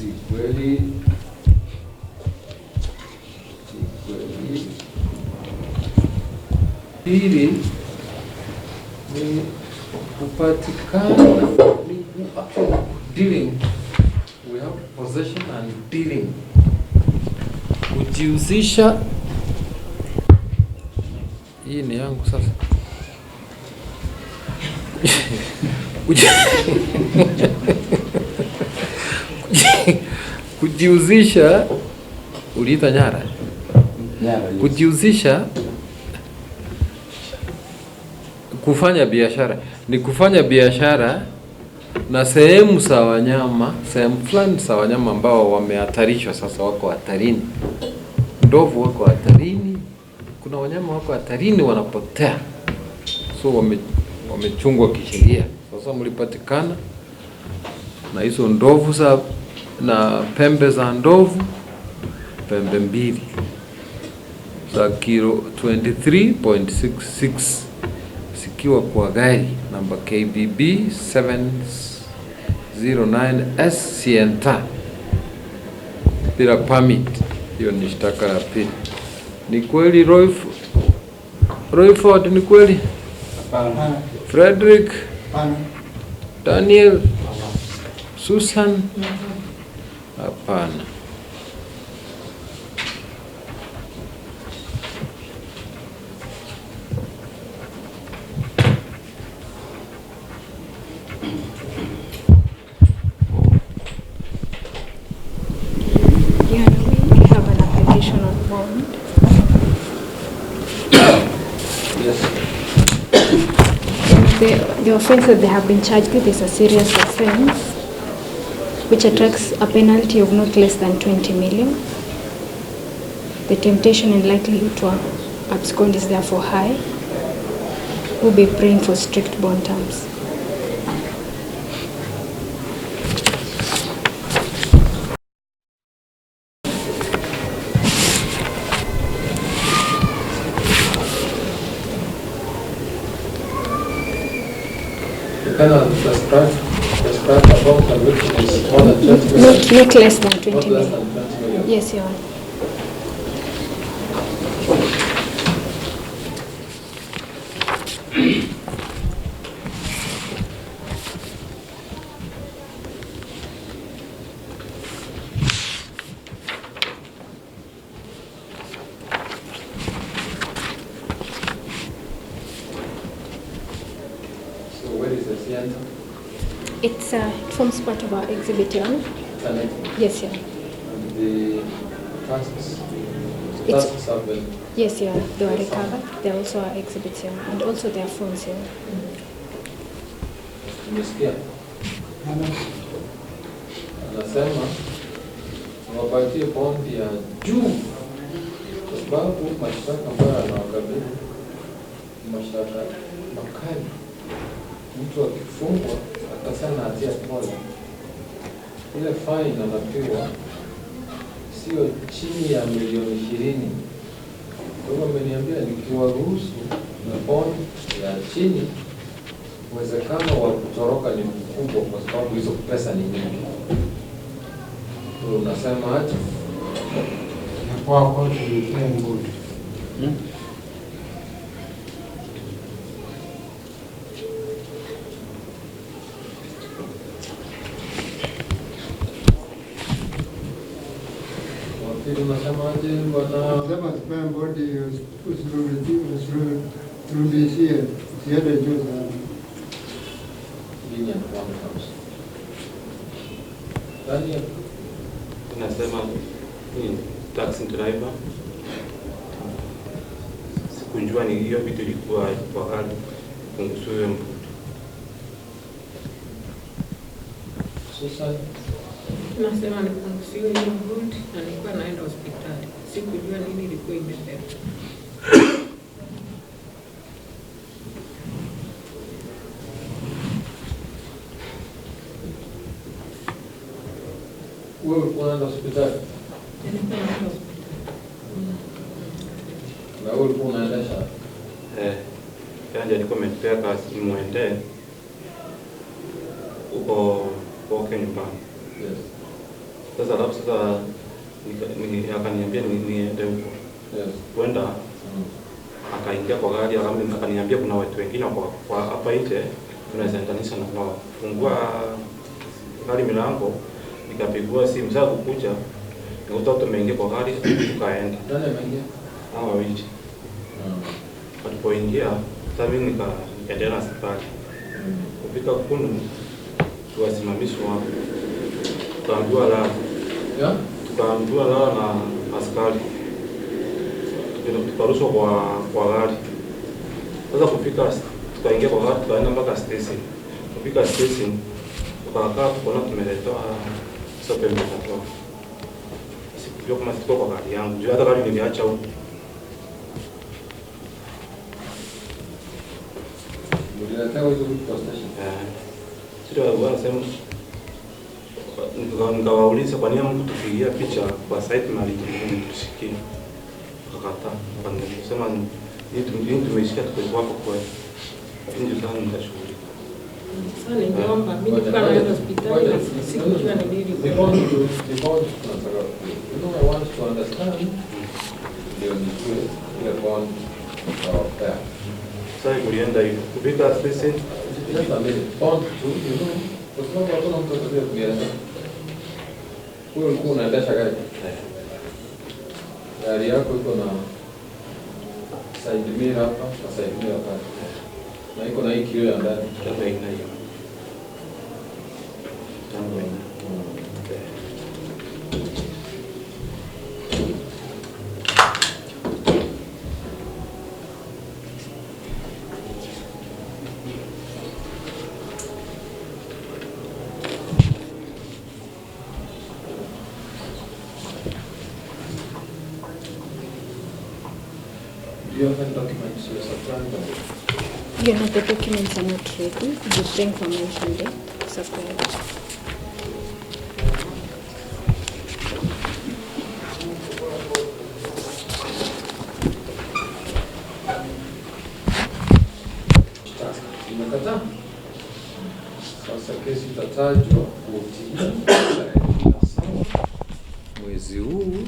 Si kweli, si kweli. Pili ni kupatikana ni actual dealing, we have possession and dealing, kujihusisha. Hii ni yangu sasa kujihusisha uliita nyara, kujihusisha kufanya biashara ni kufanya biashara na sehemu za wanyama, sehemu fulani za wanyama ambao wamehatarishwa, sasa wako hatarini. Ndovu wako hatarini, kuna wanyama wako hatarini, wanapotea, so wame wamechungwa kisheria. Sasa mlipatikana na hizo ndovu za na pembe za ndovu pembe mbili za kilo 23.66 zikiwa kwa gari namba KBB 709S Sienta bila permit. Hiyo ni shtaka la pili. Ni kweli Royf Royford, ni kweli Frederick Daniel Susan mm-hmm. Hapana. The, the offense that they have been charged with is a serious offense which attracts a penalty of not less than 20 million. The temptation and likelihood to abscond is therefore high. We'll be praying for strict bond terms. The penalty prescribed, prescribed above and not, not less than twenty minutes. Yes, Your Honor. So where is the center? It's uh, it forms part of our exhibit, yeah. Yes, yeah. And the tasks. The tasks are well. Yes, yeah. Uh, they are recovered. They also are exhibits, yeah, and also their phones, yeah. Nimesikia anasema wapatie bondi ya juu, kwa sababu mashtaka ambayo anawakabili mashtaka makali mtu akifungwa akasema na hatia moja, ile faini anapewa sio chini ya milioni ishirini. Kwa hivyo ameniambia nikiwaruhusu na maponi ya chini, uwezekano wa kutoroka ni mkubwa, kwa sababu hizo pesa ni nyingi. Unasema aje? Tunasemaje bwana? Tunasema spam body usirudishie, usiende juu sana. Tunasema ni taxi driver. Sikunjua ni hiyo vitu ilikuwa kwa hali punguzo ya mvuto. Sasa Nasema nikusiwe hiyo good na nilikuwa naenda hospitali, sikujua nini ilikuwa imetenda. Wewe unaenda hospitali? Nilikuwa naenda hospitali. Na wewe ulikuwa unaendesha? Eh. nilikuwa uko uko nyumbani. Yes. Sasa alafu sasa akaniambia niende huko kwenda, mm. akaingia kwa gari, akaniambia kuna watu wengine kwa hapa nje tunazaitanisha na nao. Fungua gari milango, nikapigua simu zangu kuja, nikuta tumeingia kwa gari, tukaenda hao wawili. Mm. Walipoingia sasa, mimi nikaendelea na safari mm. kufika Kunu, tuwasimamishwa, tuambiwa la yeah? Tukaambiwa lala na askari tukarushwa kwa kwa gari. Sasa kufika tukaingia kwa gari tukaenda mpaka station. Kufika station tukakaa tukaona tumeletewa sope mtakatifu. Sikujua kama siko kwa gari yangu. Juu hata gari niliacha huko. Ndio natawa hizo kwa station. Eh. Sio wanasema nikawauliza kwa nini hamkutupigia picha kwa site mali tushikie, wakakataa. Wakasema hii tumeishikia tukwako kweli, ndio ndani nikashughulika. Sasa kulienda hivyo huyo ulikuwa unaendesha gari eh. gari yako iko na side mirror hapa na side mirror hapa, na iko na hii kioo ya ndani. Do have documents you You know, the documents are not ready. The thing for mentioned day, mwezi huu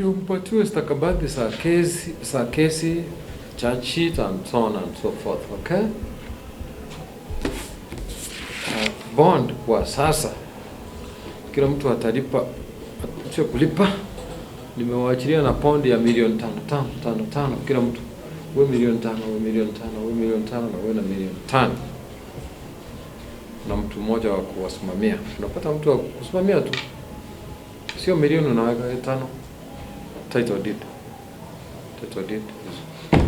ndio mpatiwe stakabadhi za kesi, za kesi charge and so on and so forth, okay? Uh, bond kwa sasa kila mtu atalipa sio kulipa, nimewaachilia na bond ya milioni tano tano tano tano, kila mtu we milioni tano we milioni tano we milioni tano na we na milioni tano na mtu mmoja wa kuwasimamia. Unapata mtu wa kusimamia tu, sio milioni unaweka tano title deed. Title deed is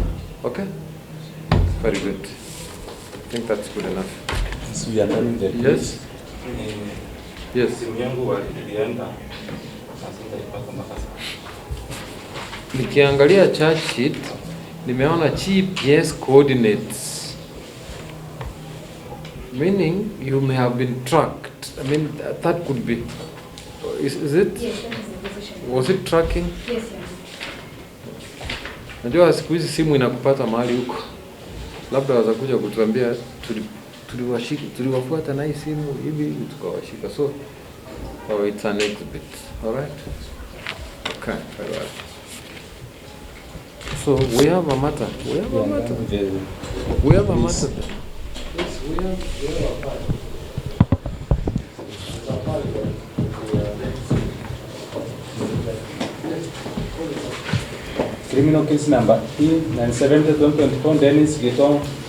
okay. Very good. I think that's good enough. Yes, we are done with the Yes. Eh, yes. Simu yangu ilienda sasa nitaipata mpaka sasa. Nikiangalia charge sheet nimeona GPS coordinates meaning you may have been tracked. I mean that could be is, is it? Yes, that is the position. Was it tracking? Yes, sir. Najua siku hizi simu inakupata mahali huko, labda waza kuja kutuambia tuliwashika, tuliwafuata na hii simu hivi tukawashika, so oh, it's an exhibit. All right? Okay, all right. So we have a matter. We have a matter. We have a matter. Yes, we have, we have a matter. criminal case number E 97 Dennis Giton